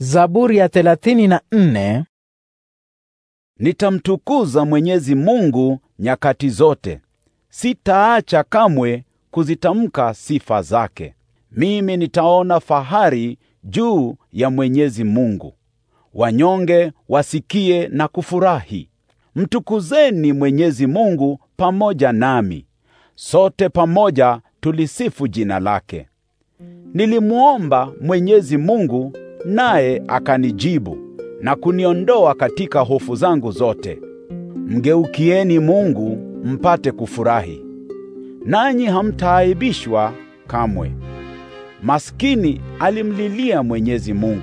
Zaburi ya 34. Nitamtukuza Mwenyezi Mungu nyakati zote, sitaacha kamwe kuzitamka sifa zake. Mimi nitaona fahari juu ya Mwenyezi Mungu, wanyonge wasikie na kufurahi. Mtukuzeni Mwenyezi Mungu pamoja nami, sote pamoja tulisifu jina lake. Nilimuomba Mwenyezi Mungu naye akanijibu na kuniondoa katika hofu zangu zote. Mgeukieni Mungu mpate kufurahi, nanyi hamtaaibishwa kamwe. Maskini alimlilia Mwenyezi Mungu,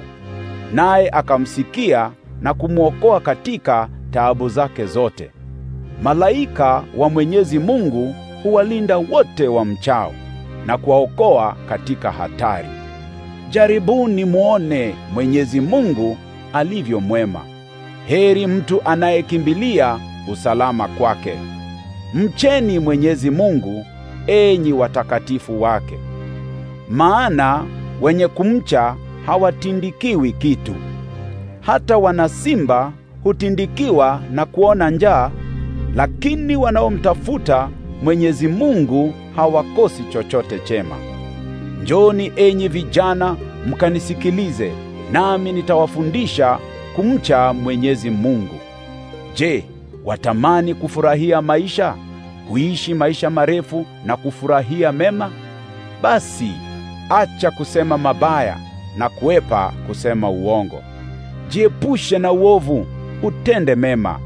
naye akamsikia na kumwokoa katika taabu zake zote. Malaika wa Mwenyezi Mungu huwalinda wote wa mchao na kuwaokoa katika hatari jaribuni muone Mwenyezi Mungu alivyo mwema. Heri mtu anayekimbilia usalama kwake. Mcheni Mwenyezi Mungu, enyi watakatifu wake, maana wenye kumcha hawatindikiwi kitu. Hata wanasimba hutindikiwa na kuona njaa, lakini wanaomtafuta Mwenyezi Mungu hawakosi chochote chema. Njoni enyi vijana mkanisikilize, nami nitawafundisha kumcha Mwenyezi Mungu. Je, watamani kufurahia maisha, kuishi maisha marefu na kufurahia mema? Basi acha kusema mabaya na kuepa kusema uongo. Jiepushe na uovu, utende mema,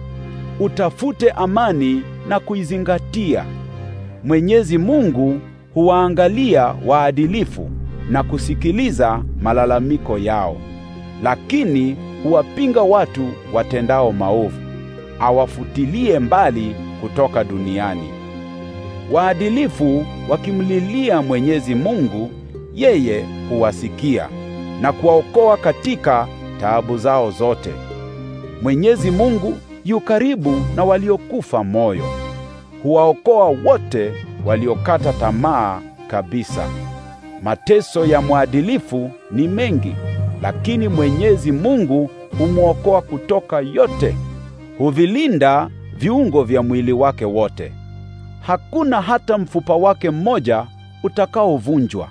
utafute amani na kuizingatia. Mwenyezi Mungu huwaangalia waadilifu na kusikiliza malalamiko yao, lakini huwapinga watu watendao maovu, awafutilie mbali kutoka duniani. Waadilifu wakimlilia Mwenyezi Mungu, yeye huwasikia na kuwaokoa katika taabu zao zote. Mwenyezi Mungu yu karibu na waliokufa moyo, huwaokoa wote waliokata tamaa kabisa. Mateso ya mwadilifu ni mengi, lakini Mwenyezi Mungu humwokoa kutoka yote. Huvilinda viungo vya mwili wake wote. Hakuna hata mfupa wake mmoja utakaovunjwa.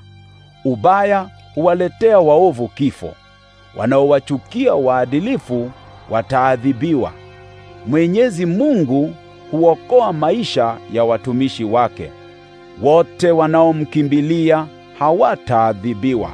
Ubaya huwaletea waovu kifo. Wanaowachukia waadilifu wataadhibiwa. Mwenyezi Mungu huokoa maisha ya watumishi wake. Wote wanaomkimbilia hawataadhibiwa.